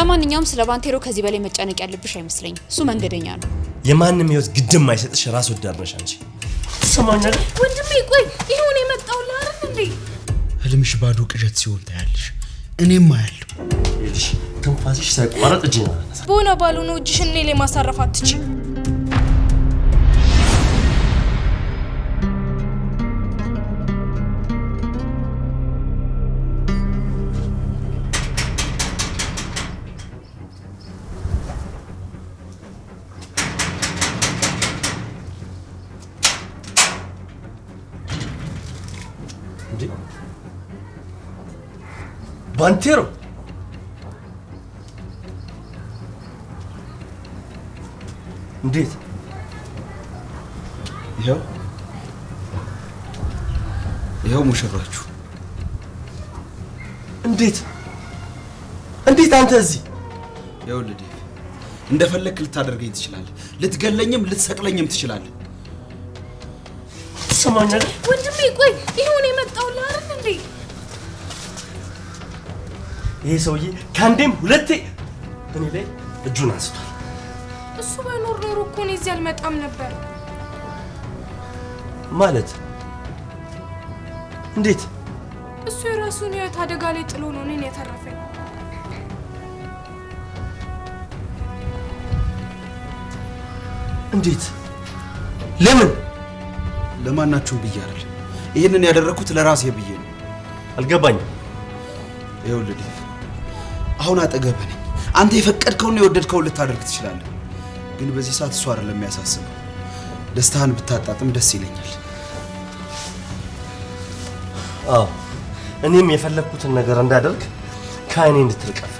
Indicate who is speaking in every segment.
Speaker 1: ለማንኛውም ስለ ባንቴሮ ከዚህ በላይ መጨነቅ ያለብሽ አይመስለኝ። እሱ መንገደኛ ነው።
Speaker 2: የማንም ህይወት ግድም አይሰጥሽ። ራስ ወዳድ ነሽ አንቺ። ሰማኛል
Speaker 3: ወንድሜ። ቆይ ይሁን የመጣው ለአረፍ እንዴ
Speaker 2: ህልምሽ ባዶ ቅዠት ሲሆን ታያለሽ። እኔም አያለሁ። ትንፋስሽ ሳይቋረጥ እጅ
Speaker 3: ቦና ባልሆነ እጅሽ እኔ ላይ ማሳረፍ አትችል
Speaker 2: Banchero. እንዴት? ይኸው ይኸው ሙሽራችሁ። እንዴት እንዴት? አንተ እዚህ ይኸውልህ፣ ዴቭ እንደፈለክ ልታደርገኝ ትችላለህ፣ ልትገለኝም ልትሰቅለኝም ትችላለህ። ትሰማኛለህ
Speaker 3: ወንድሜ? ቆይ ይኸው ነው የመጣሁልህ አይደል እንዴ
Speaker 2: ይሄ ሰውዬ ከአንዴም ሁለቴ እኔ ላይ እጁን አንስቷል።
Speaker 3: እሱ ባይኖር ኖሮ እኮ እኔ እዚህ አልመጣም ነበር።
Speaker 2: ማለት እንዴት?
Speaker 3: እሱ የራሱን ህይወት አደጋ ላይ ጥሎ ነው እኔን የተረፈኝ
Speaker 2: እንዴት? ለምን? ለማናችሁም ብዬ አይደል። ይህንን ያደረግኩት ለራሴ ብዬ ነው። አልገባኝም። ይኸውልህ አሁን አጠገብህ ነኝ። አንተ የፈቀድከውና የወደድከውን ልታደርግ ትችላለህ። ግን በዚህ ሰዓት እሱ አይደለም የሚያሳስበው። ደስታህን ብታጣጥም ደስ ይለኛል። አዎ እኔም የፈለግኩትን ነገር እንዳደርግ ከአይኔ እንድትርቀፍ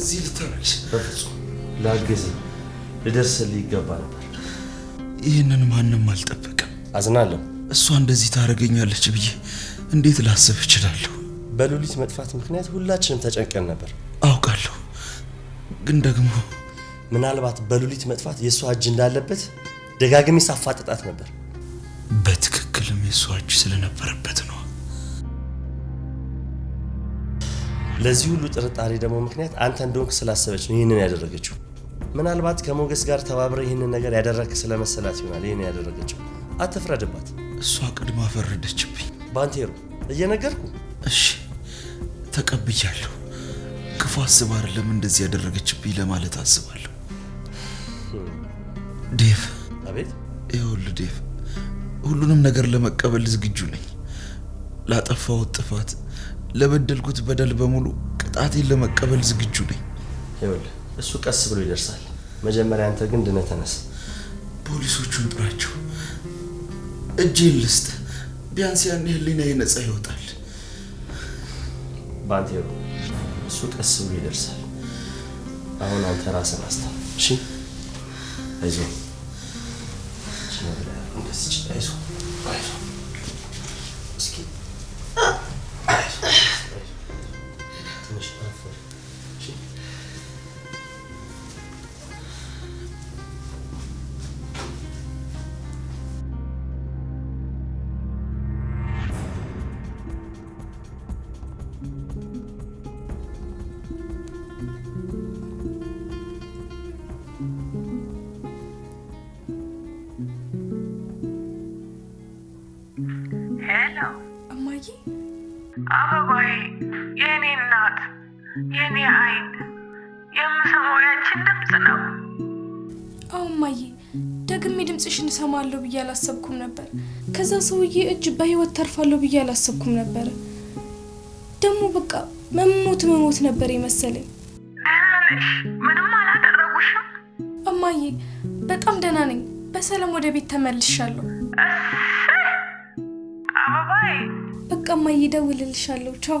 Speaker 2: እዚህ ልታረግሽ? በፍጹም ላግዝ ልደርስልህ ይገባ ነበር። ይህንን ማንም አልጠበቅም። አዝናለሁ። እሷ እንደዚህ ታደርገኛለች ብዬ እንዴት ላስብ እችላለሁ? በሉሊት መጥፋት ምክንያት ሁላችንም ተጨንቀን ነበር። አውቃለሁ፣ ግን ደግሞ ምናልባት በሉሊት መጥፋት የእሷ እጅ እንዳለበት ደጋግሜ ሳፋጥጣት ነበር። በትክክልም የእሷ እጅ ስለነበረበት ነው። ለዚህ ሁሉ ጥርጣሬ ደግሞ ምክንያት አንተ እንደሆንክ ስላሰበች ነው ይህንን ያደረገችው። ምናልባት ከሞገስ ጋር ተባብረ ይህንን ነገር ያደረግክ ስለመሰላት ይሆናል ይህን ያደረገችው። አትፍረድባት። እሷ ቅድማ ፈረደችብኝ። ባንቴሮ እየነገርኩ እሺ፣ ተቀብያለሁ። ክፉ አስብ አይደለም እንደዚህ ያደረገችብኝ ለማለት አስባለሁ። ዴቭ። አቤት። ይኸውልህ ዴቭ፣ ሁሉንም ነገር ለመቀበል ዝግጁ ነኝ ላጠፋሁት ጥፋት ለበደልኩት በደል በሙሉ ቅጣቴን ለመቀበል ዝግጁ ነኝ። ይኸውልህ እሱ ቀስ ብሎ ይደርሳል። መጀመሪያ አንተ ግን ድነህ ተነስ። ፖሊሶቹን ጥራቸው፣ እጄን ልስጥ። ቢያንስ ያኔ ህሊናዬ ነጻ ይወጣል። ባንቴሮ እሱ ቀስ ብሎ ይደርሳል። አሁን አንተ ራስን አስታ። እሺ አይዞህ፣ እንደዚህ አይዞህ፣ አይዞህ እስኪ
Speaker 3: እሰማለሁ ብዬ አላሰብኩም ነበር። ከዛ ሰውዬ እጅ በህይወት ተርፋለሁ ብዬ አላሰብኩም ነበር። ደግሞ በቃ መሞት መሞት ነበር የመሰለኝ።
Speaker 4: ምንም አላደረጉሽም?
Speaker 3: እማዬ በጣም ደህና ነኝ። በሰላም ወደ ቤት ተመልሻለሁ። አበባዬ፣ በቃ እማዬ፣ ደውልልሻለሁ። ቻው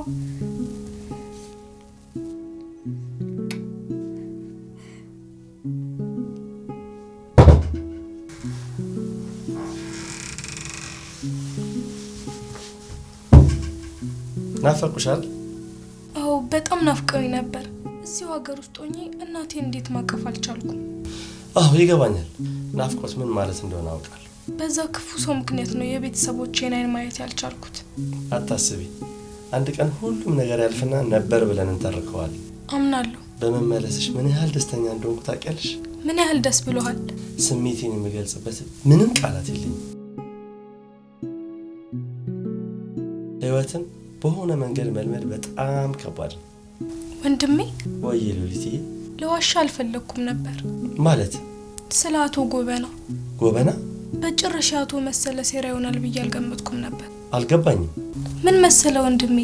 Speaker 3: ናፈቁሻል? አዎ በጣም ናፍቀውኝ ነበር። እዚሁ ሀገር ውስጥ ሆኜ እናቴ እንዴት ማቀፍ አልቻልኩም።
Speaker 2: አዎ ይገባኛል። ናፍቆት ምን ማለት እንደሆነ አውቃለሁ።
Speaker 3: በዛ ክፉ ሰው ምክንያት ነው የቤተሰቦቼን አይን ማየት ያልቻልኩት።
Speaker 2: አታስቢ፣ አንድ ቀን ሁሉም ነገር ያልፍና ነበር ብለን እንተርከዋል። አምናለሁ። በመመለስሽ ምን ያህል ደስተኛ እንደሆንኩ ታውቂያለሽ?
Speaker 3: ምን ያህል ደስ ብሎሃል?
Speaker 2: ስሜቴን የሚገልጽበት ምንም ቃላት የለኝም። ህይወትን በሆነ መንገድ መልመድ በጣም ከባድ ነው። ወንድሜ ወይ ሉሊቴ፣
Speaker 3: ለዋሻ አልፈለግኩም ነበር። ማለት ስለ አቶ ጎበና ጎበና በጭራሽ አቶ መሰለ ሴራ ይሆናል ብዬ አልገመትኩም ነበር። አልገባኝም። ምን መሰለ ወንድሜ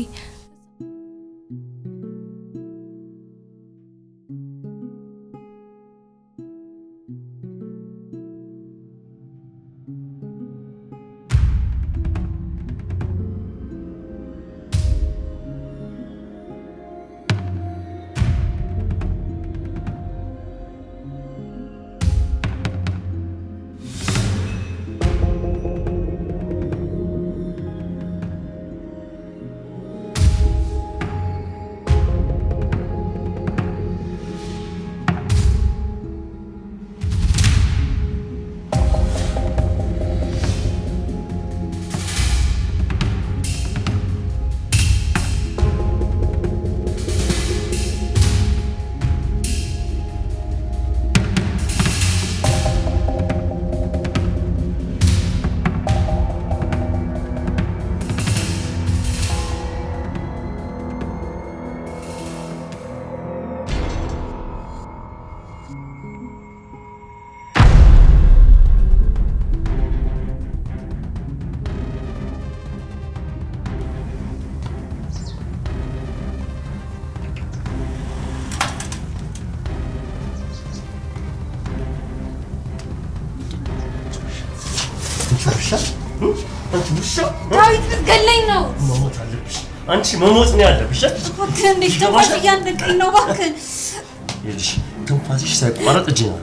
Speaker 2: አንቺ መሞት ነው ያለብሽ።
Speaker 3: እባክህ ትንፋሽ እያነቀኝ ነው። እባክህ
Speaker 2: ይኸውልሽ፣ ትንፋሽሽ ሳይቋረጥ እጅ ነው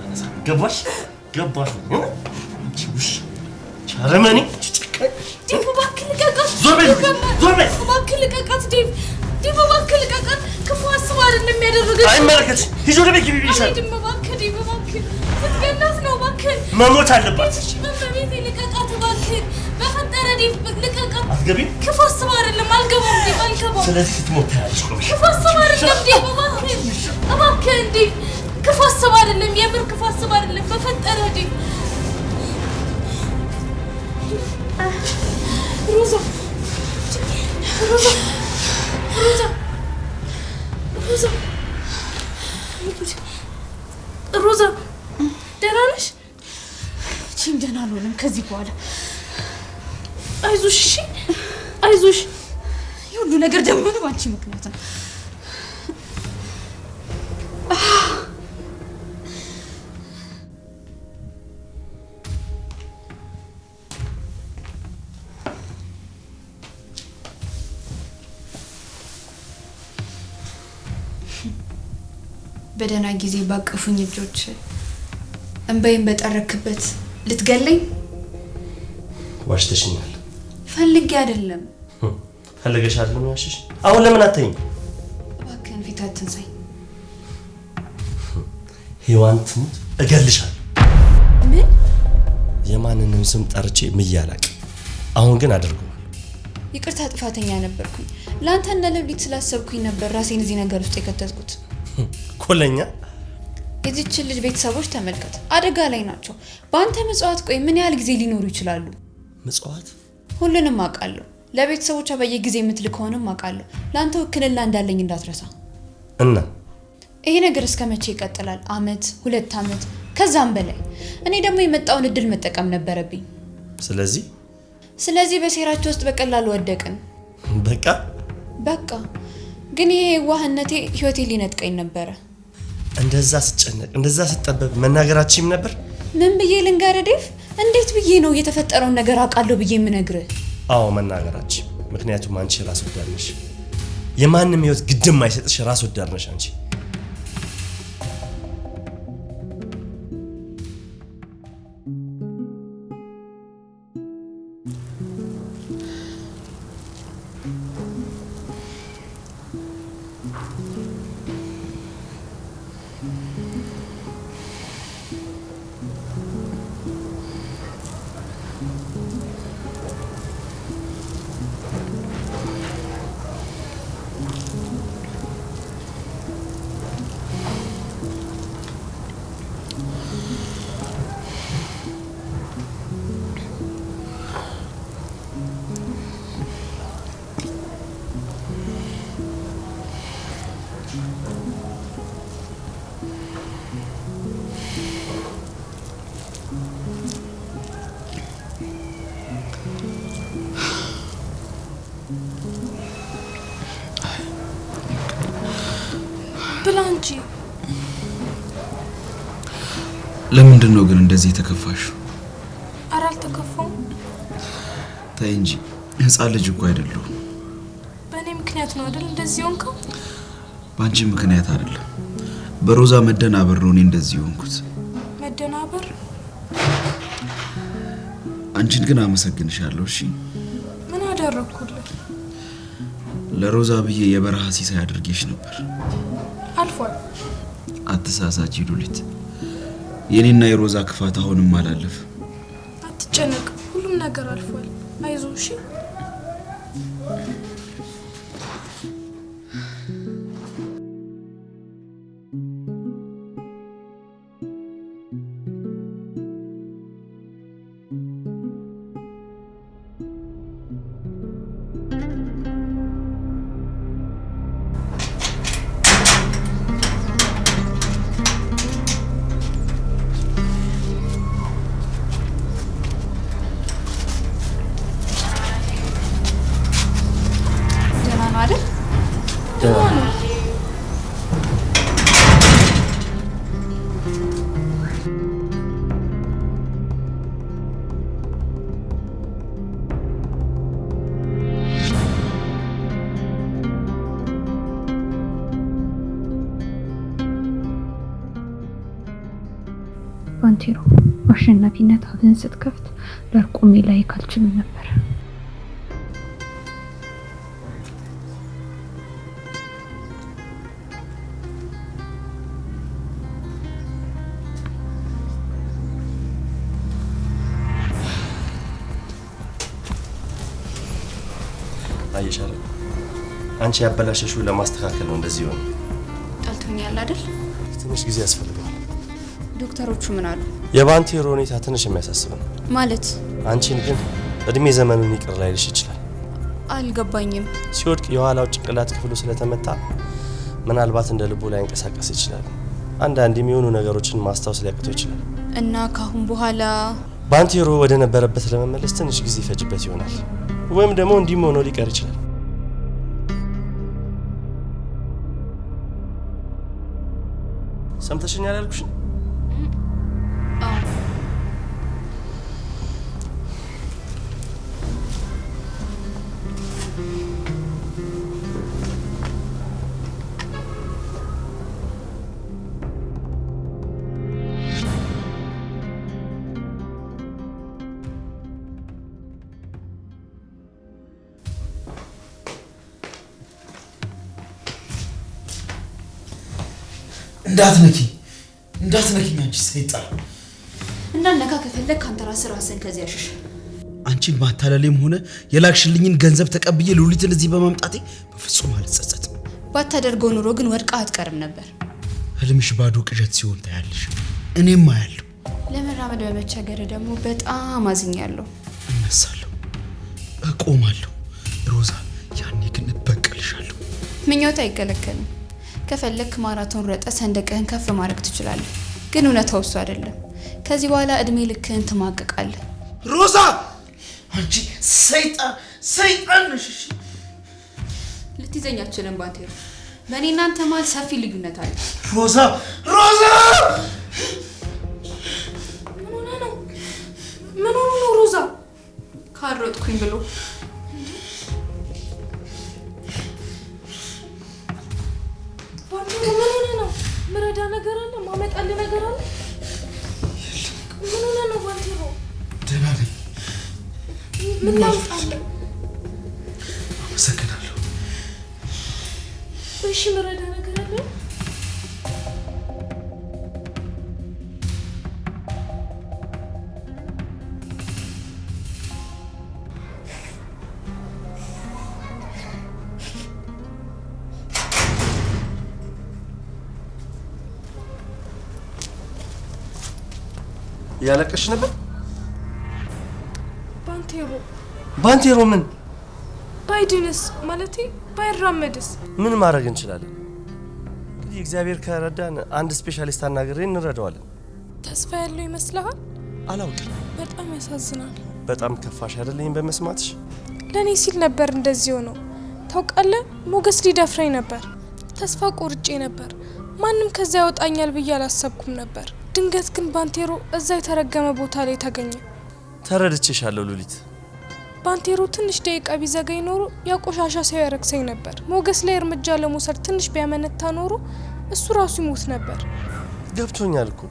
Speaker 2: ገባሽ? ገባሽ? ቻረመኒ
Speaker 3: ዴቭ፣ እባክህ ልቀቃት!
Speaker 2: ዞር በይ!
Speaker 3: እባክህ ልቀቃት ዴቭ! ዴቭ፣ እባክህ ልቀቃት! ክፉ አስባ አይደለም የሚያደርገው።
Speaker 2: አይመለከትሽም። ሂጂ ወደ ቤት ግቢ ብዬሻለሁ።
Speaker 3: አልሄድም። እባክህ ዴቭ፣ እባክህ ልትገላት ነው። እባክህ
Speaker 2: መሞት አለባት።
Speaker 3: ልቀቃት እባክህ፣ በፈጠረ ዴቭ፣ ልቀቃት። አትገቢም። ክፉ አልገባም። አልገባም።
Speaker 2: ስለዚህ ስትሞት ታያለሽ።
Speaker 3: ክፉ አስብ አይደለም እንዴ? እባክህ እባክህ፣ እንዴ ክፉ አስብ አይደለም። የምር ክፉ አስብ አይደለም። በፈጠረ እንዴ ሮዛ፣ ሮዛ፣ ሮዛ፣ ሮዛ፣ ሮዛ ደህና ነሽ? ቺም ደህና አልሆንም ከዚህ በኋላ አይዞሽ፣ እሺ አይዞሽ ሁሉ ነገር ደግሞ ባንቺ ምክንያት ነው። በደህና ጊዜ ባቀፉኝ እጆች እንባይን በጠረክበት ልትገለኝ
Speaker 2: ዋሽተሽኛል።
Speaker 3: ፈልጌ አይደለም
Speaker 2: ፈልገሻል ምን ያልሽሽ? አሁን ለምን አተኝ?
Speaker 3: እባክህን ፊት አትንሳኝ።
Speaker 2: ሔዋን ትሙት እገልሻል። ምን? የማንንም ስም ጠርቼ ምያላቅ። አሁን ግን አድርገዋል።
Speaker 3: ይቅርታ ጥፋተኛ ነበርኩኝ። ለአንተና ለብሊት ስላሰብኩኝ ነበር ራሴን እዚህ ነገር ውስጥ የከተትኩት። ኮለኛ የዚችን ልጅ ቤተሰቦች ተመልከት፣ አደጋ ላይ ናቸው። በአንተ ምጽዋት ቆይ ምን ያህል ጊዜ ሊኖሩ ይችላሉ? ምጽዋት ሁሉንም አውቃለሁ ለቤተሰቦቿ በየጊዜ የምትልክ ከሆንም አውቃለሁ። ለአንተ ውክልና እንዳለኝ እንዳትረሳ። እና ይሄ ነገር እስከ መቼ ይቀጥላል? አመት፣ ሁለት አመት ከዛም በላይ። እኔ ደግሞ የመጣውን እድል መጠቀም ነበረብኝ። ስለዚህ ስለዚህ በሴራቸው ውስጥ በቀላሉ ወደቅን። በቃ በቃ። ግን ይሄ ዋህነቴ ህይወቴ ሊነጥቀኝ ነበረ።
Speaker 2: እንደዛ ስጨነቅ፣ እንደዛ ስጠበብ መናገራችም ነበር።
Speaker 3: ምን ብዬ ልንገርህ ዴቭ? እንዴት ብዬ ነው የተፈጠረውን ነገር አውቃለሁ ብዬ የምነግርህ?
Speaker 2: አዎ መናገራችን። ምክንያቱም አንቺ ራስ ወዳድ ነሽ። የማንም ህይወት ግድም አይሰጥሽ። ራስ ወዳድ ነሽ አንቺ። ብላ ለምንድን ነው ግን እንደዚህ የተከፋሽ?
Speaker 3: ኧረ አልተከፋውም።
Speaker 2: ተይ እንጂ ህፃን ልጅ እኮ አይደለሁ።
Speaker 3: በእኔ ምክንያት ነው አይደል እንደዚህ ሆንከው?
Speaker 2: በአንቺ ምክንያት አይደለም፣ በሮዛ መደናበር ነው እኔ እንደዚህ ሆንኩት።
Speaker 3: መደናበር?
Speaker 2: አንቺን ግን አመሰግንሻለሁ። እሺ
Speaker 3: ምን አደረግኩልህ?
Speaker 2: ለሮዛ ብዬ የበረሃ ሲሳይ አድርጌሽ ነበር። አልፏል። አትሳሳች ሉሊት፣ የኔና የሮዛ ክፋት አሁንም አላለፍ።
Speaker 3: አትጨነቅ፣ ሁሉም ነገር አልፏል። አይዞ እሺ เจอ ባንቴሮ አሸናፊነት አፍህን ስትከፍት ዳር ላይ ካልችልም ነበር።
Speaker 2: አንቺ ያበላሸሹ ለማስተካከል ነው እንደዚህ ሆነ።
Speaker 3: ጠልቶኛል አይደል?
Speaker 2: ትንሽ ጊዜ ያስፈልጋል።
Speaker 3: ዶክተሮቹ ምን አሉ?
Speaker 2: የባንቴሮ ሁኔታ ትንሽ የሚያሳስብ ነው። ማለት አንቺን ግን እድሜ ዘመኑን ይቅር ላይልሽ ይችላል።
Speaker 3: አልገባኝም።
Speaker 2: ሲወድቅ የኋላው ጭንቅላት ክፍሉ ስለተመታ ምናልባት እንደ ልቡ ላይ እንቀሳቀስ ይችላል። አንዳንድ የሚሆኑ ነገሮችን ማስታወስ ሊያቅቶ ይችላል
Speaker 3: እና ካሁን በኋላ
Speaker 2: ባንቴሮ ወደ ነበረበት ለመመለስ ትንሽ ጊዜ ይፈጅበት ይሆናል። ወይም ደግሞ እንዲህ ሆኖ ሊቀር ይችላል። Sam taşın yer alkushin. እንዳትነኪ እንዳትነኪኝ አንቺ ሰይጣን።
Speaker 3: እንዳነካ ከፈለግ ከአንተ ራስ ራስን ከዚህ ያሸሽ።
Speaker 2: አንቺን ማታለሌም ሆነ የላክሽልኝን ገንዘብ ተቀብዬ ሉሊትን እዚህ በማምጣቴ በፍጹም አልጸጸትም።
Speaker 3: ባታደርገው ኑሮ ግን ወድቃ አትቀርም ነበር።
Speaker 2: ህልምሽ ባዶ ቅዠት ሲሆን ታያለሽ፣ እኔም አያለሁ።
Speaker 3: ለመራመድ በመቸገር ደግሞ በጣም አዝኛለሁ።
Speaker 2: እነሳለሁ፣ እቆማለሁ። ሮዛ፣ ያኔ ግን እበቀልሻለሁ።
Speaker 3: ምኞት አይከለከልም። ከፈለክ ማራቶን ረጠ ሰንደቅህን ከፍ ማድረግ ትችላለህ። ግን እውነታው እሱ አይደለም። ከዚህ በኋላ እድሜ ልክህን ትማቅቃለህ።
Speaker 2: ሮዛ አንቺ ሰይጣን ሰይጣን ነሽ።
Speaker 3: ልትይዘኝ አትችልም ባንቴሮ። በእኔ እናንተ መሀል ሰፊ ልዩነት አለ።
Speaker 2: ሮዛ ሮዛ እያለቀሽ ነበር? ባንቴሮ ባንቴሮ ምን
Speaker 3: ባይድንስ ማለት ባይራመድስ
Speaker 2: ምን ማድረግ እንችላለን? እንግዲህ እግዚአብሔር ከረዳን አንድ ስፔሻሊስት አናግሬ እንረዳዋለን።
Speaker 3: ተስፋ ያለው ይመስልሃል? አላውቅም። በጣም ያሳዝናል።
Speaker 2: በጣም ከፋሽ አይደለኝም በመስማትሽ
Speaker 3: ለእኔ ሲል ነበር እንደዚህ ነው። ታውቃለህ፣ ሞገስ ሊደፍረኝ ነበር። ተስፋ ቆርጬ ነበር። ማንም ከዚያ ያወጣኛል ብዬ አላሰብኩም ነበር። ድንገት ግን ባንቴሮ እዛ የተረገመ ቦታ ላይ ተገኘ።
Speaker 2: ተረድቼሻለሁ ሉሊት።
Speaker 3: ባንቴሮ ትንሽ ደቂቃ ቢዘገኝ ኖሮ ያቆሻሻ ሰው ያረግሰኝ ነበር። ሞገስ ላይ እርምጃ ለመውሰድ ትንሽ ቢያመነታ ኖሮ እሱ ራሱ ይሞት ነበር።
Speaker 2: ገብቶኛል እኮ።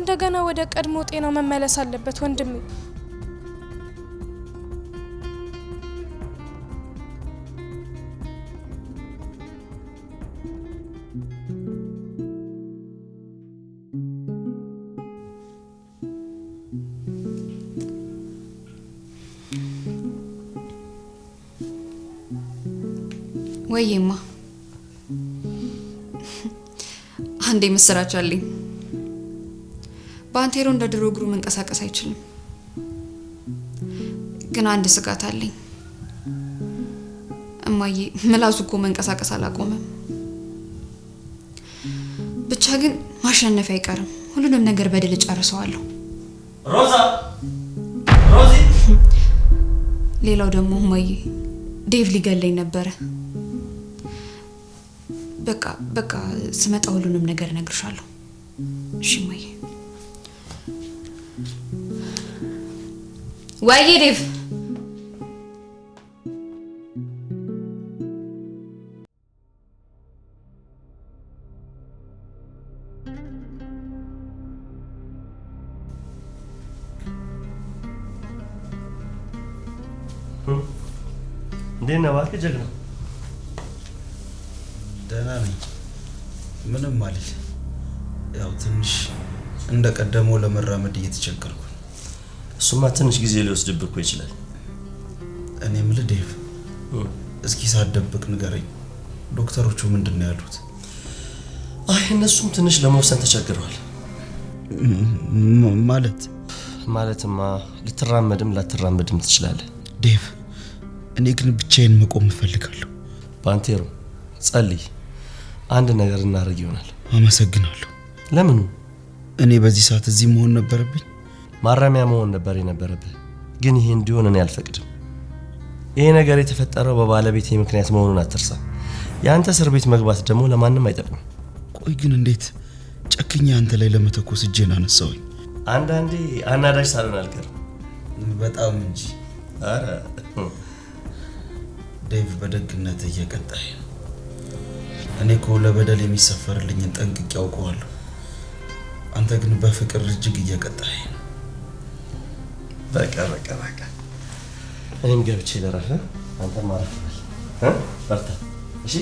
Speaker 3: እንደገና ወደ ቀድሞ ጤና መመለስ አለበት ወንድሜ። ወይማ አንዴ ምስራች አለኝ። ባንቴሮ እንደ ድሮ እግሩ መንቀሳቀስ አይችልም። ግን አንድ ስጋት አለኝ እማዬ፣ ምላሱ እኮ መንቀሳቀስ አላቆመም። ብቻ ግን ማሸነፍ አይቀርም። ሁሉንም ነገር በድል ጨርሰዋለሁ።
Speaker 2: ሮዛ ሮዚ!
Speaker 3: ሌላው ደግሞ እማዬ፣ ዴቭ ሊገለኝ ነበረ። በቃ በቃ ስመጣ ሁሉንም ነገር እነግርሻለሁ። እሺ እማዬ። ወይዬ ዴቭ
Speaker 2: እንዴት ነህ? እባክህ ጀግና እንደ ቀደመው ለመራመድ እየተቸገርኩ እሱማ ትንሽ ጊዜ ሊወስድብህ እኮ ይችላል። እኔ የምልህ ዴቭ፣ እስኪ ሳደብቅ ንገረኝ፣ ዶክተሮቹ ምንድን ነው ያሉት? አይ እነሱም ትንሽ ለመወሰን ተቸግረዋል። ማለት ማለትማ ልትራመድም ላትራመድም ትችላለህ ዴቭ። እኔ ግን ብቻዬን መቆም እፈልጋለሁ። ባንቴሮ ጸልይ፣ አንድ ነገር እናደርግ ይሆናል። አመሰግናለሁ። ለምኑ እኔ በዚህ ሰዓት እዚህ መሆን ነበረብኝ። ማረሚያ መሆን ነበር የነበረብህ፣ ግን ይሄ እንዲሆን እኔ አልፈቅድም። ይሄ ነገር የተፈጠረው በባለቤቴ ምክንያት መሆኑን አትርሳ። የአንተ እስር ቤት መግባት ደግሞ ለማንም አይጠቅምም። ቆይ ግን እንዴት ጨክኛ አንተ ላይ ለመተኮስ እጄን አነሳውኝ? አንዳንዴ አናዳጅ ሳልሆን አልቀርም። በጣም እንጂ። አረ ዴቭ በደግነት እየቀጣይ እኔ እኮ ለበደል የሚሰፈርልኝን ጠንቅቄ አውቀዋለሁ። አንተ ግን በፍቅር እጅግ እየቀጣኸኝ ነው። በቃ በቃ በቃ እኔም ገብቼ ልረፍ፣ አንተም አረፍ በል። በርታ እሺ።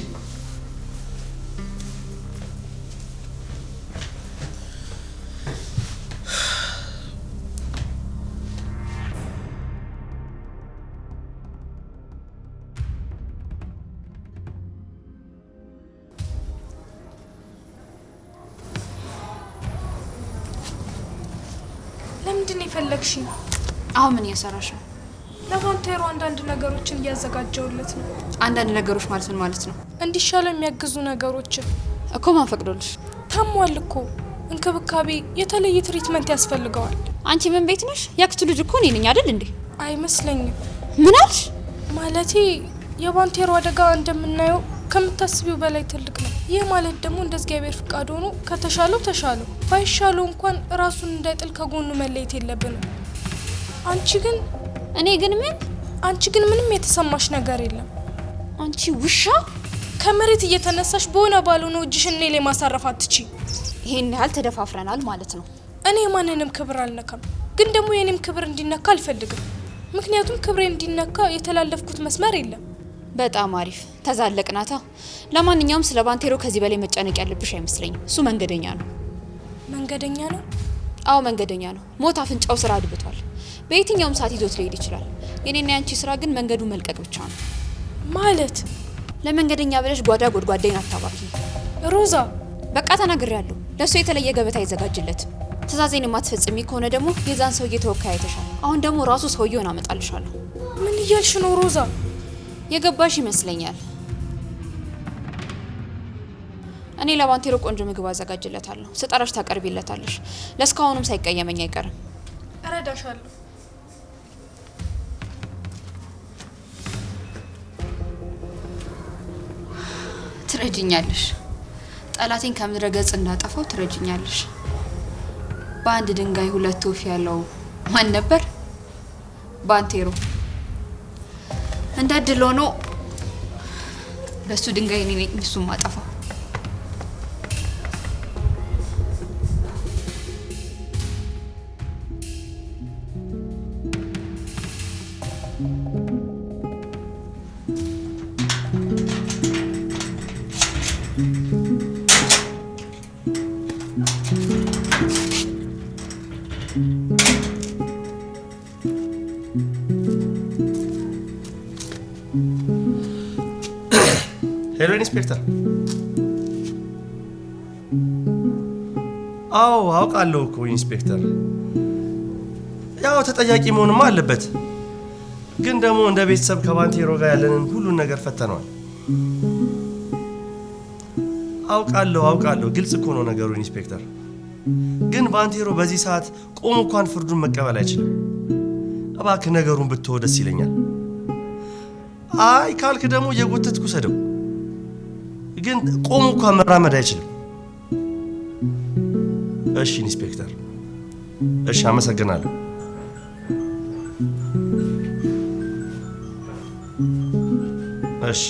Speaker 3: እየሰራሽ ነው? ለቫንቴሮ አንዳንድ ነገሮችን እያዘጋጀውለት ነው። አንዳንድ ነገሮች ማለት ምን ማለት ነው? እንዲሻለው የሚያግዙ ነገሮችን እኮ ማን ፈቅዶልሽ? ታሟል እኮ እንክብካቤ፣ የተለየ ትሪትመንት ያስፈልገዋል። አንቺ ምን ቤት ነሽ? ያክቱ ልጅ እኮ እኔ ነኝ አይደል እንዴ? አይመስለኝም። ምን አልሽ? ማለቴ የቫንቴሮ አደጋ እንደምናየው ከምታስቢው በላይ ትልቅ ነው። ይህ ማለት ደግሞ እንደ እግዚአብሔር ፍቃድ ሆኖ ከተሻለው ተሻለው፣ ባይሻለው እንኳን ራሱን እንዳይጥል ከጎኑ መለየት የለብንም። አንቺ ግን እኔ ግን ምን? አንቺ ግን ምንም የተሰማሽ ነገር የለም። አንቺ ውሻ ከመሬት እየተነሳሽ በሆነ ባልሆነ እጅሽ እኔ ላይ ማሳረፍ አትቺ። ይሄን ያህል ተደፋፍረናል ማለት ነው። እኔ ማንንም ክብር አልነካም፣ ግን ደግሞ የኔም ክብር እንዲነካ አልፈልግም። ምክንያቱም ክብሬ እንዲነካ የተላለፍኩት መስመር የለም። በጣም አሪፍ ተዛለቅናታ። ለማንኛውም ስለ ባንቴሮ ከዚህ በላይ መጨነቅ ያለብሽ አይመስለኝም። እሱ መንገደኛ ነው። መንገደኛ ነው? አዎ መንገደኛ ነው። ሞት አፍንጫው ስራ አድብቷል። በየትኛውም ሰዓት ይዞት ሊሄድ ይችላል። የኔና ያንቺ ስራ ግን መንገዱ መልቀቅ ብቻ ነው። ማለት ለመንገደኛ ብለሽ ጓዳ ጎድጓዳይን አታባኪ ሮዛ። በቃ ተናግሬያለሁ። ለእሱ የተለየ ገበታ አይዘጋጅለት። ትእዛዜን የማትፈጽሚ ከሆነ ደግሞ የዛን ሰውዬ ተወካይ አይተሻል። አሁን ደግሞ ራሱ ሰውየውን አመጣልሻለሁ። ምን እያልሽ ነው ሮዛ? የገባሽ ይመስለኛል። እኔ ለባንቴሮ ቆንጆ ምግብ አዘጋጅለታለሁ። ስጠራሽ ታቀርቢለታለሽ። ለእስካሁኑም ሳይቀየመኝ አይቀርም። እረዳሻለሁ። ትረጅኛለሽ። ጠላቴን ከምድረ ገጽ እንዳጠፋው ትረጅኛለሽ። በአንድ ድንጋይ ሁለት ወፍ ያለው ማን ነበር? ባንቴሮ። እንደ እድል ሆኖ በእሱ ድንጋይ እኔ እሱም ማጠፋው።
Speaker 2: አውቃለሁ እኮ ኢንስፔክተር፣ ያው ተጠያቂ መሆንም አለበት። ግን ደግሞ እንደ ቤተሰብ ከባንቴሮ ጋር ያለንን ሁሉን ነገር ፈተነዋል። አውቃለሁ አውቃለሁ፣ ግልጽ እኮ ነው ነገሩ ኢንስፔክተር። ግን ባንቴሮ በዚህ ሰዓት ቆሞ እንኳን ፍርዱን መቀበል አይችልም። እባክህ ነገሩን ብትወ ደስ ይለኛል። አይ ካልክ ደግሞ የጎተት ሰደው፣ ግን ቆሞ እንኳን መራመድ አይችልም። እሺ ኢንስፔክተር፣ እሺ አመሰግናለሁ። እሺ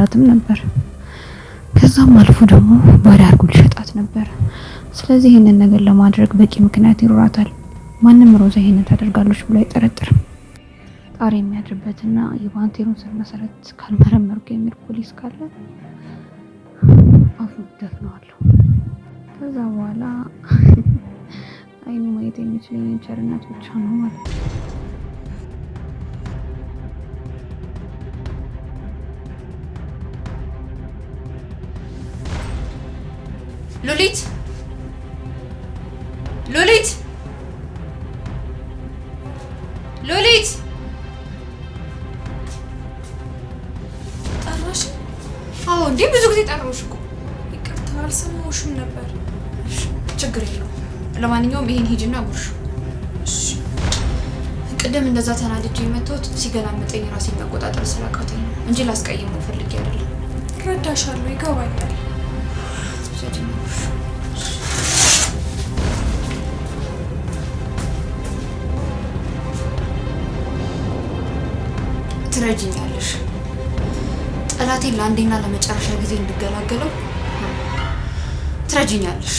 Speaker 3: አልችልላትም ነበር። ከዛም አልፎ ደግሞ ባዳ አድርጎ ሊሸጣት ነበር። ስለዚህ ይህንን ነገር ለማድረግ በቂ ምክንያት ይኖራታል። ማንም ሮዛ ይህንን ታደርጋለች ብሎ አይጠረጥርም። ጣሪ የሚያድርበትና የባንቴሩን ስር መሰረት ካልመረመርኩ የሚል ፖሊስ ካለ አፉ ደፍነዋለሁ። ከዛ በኋላ አይኑ ማየት የሚችል የቸርነት ብቻ ነው ማለት ነው። ሉሊት ሉሊት ሉሊት ጠራሽ? አዎ፣ እንዴ ብዙ ጊዜ ጠራሽ እኮ። ይቅርታ አልሰማሁሽም ነበር። ችግር የለውም። ለማንኛውም ይሄን ሂጂና ጉርሹ። ቅድም እንደዛ ተናድጄ የመጣሁት ሲገላመጠኝ ራሴን መቆጣጠር ስላቃተኝ ነው እንጂ ላስቀይመው ፈልጌ አይደለም። ረዳሻለሁ፣ ይገባኛል ትረጅኛለሽ። ጠላቴን ለአንዴና ለመጨረሻ ጊዜ እንድገላገለው ትረጅኛለሽ።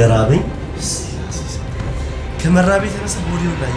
Speaker 2: እንደራበኝ ከመራቤ የተነሳ ቦዲውን ላይ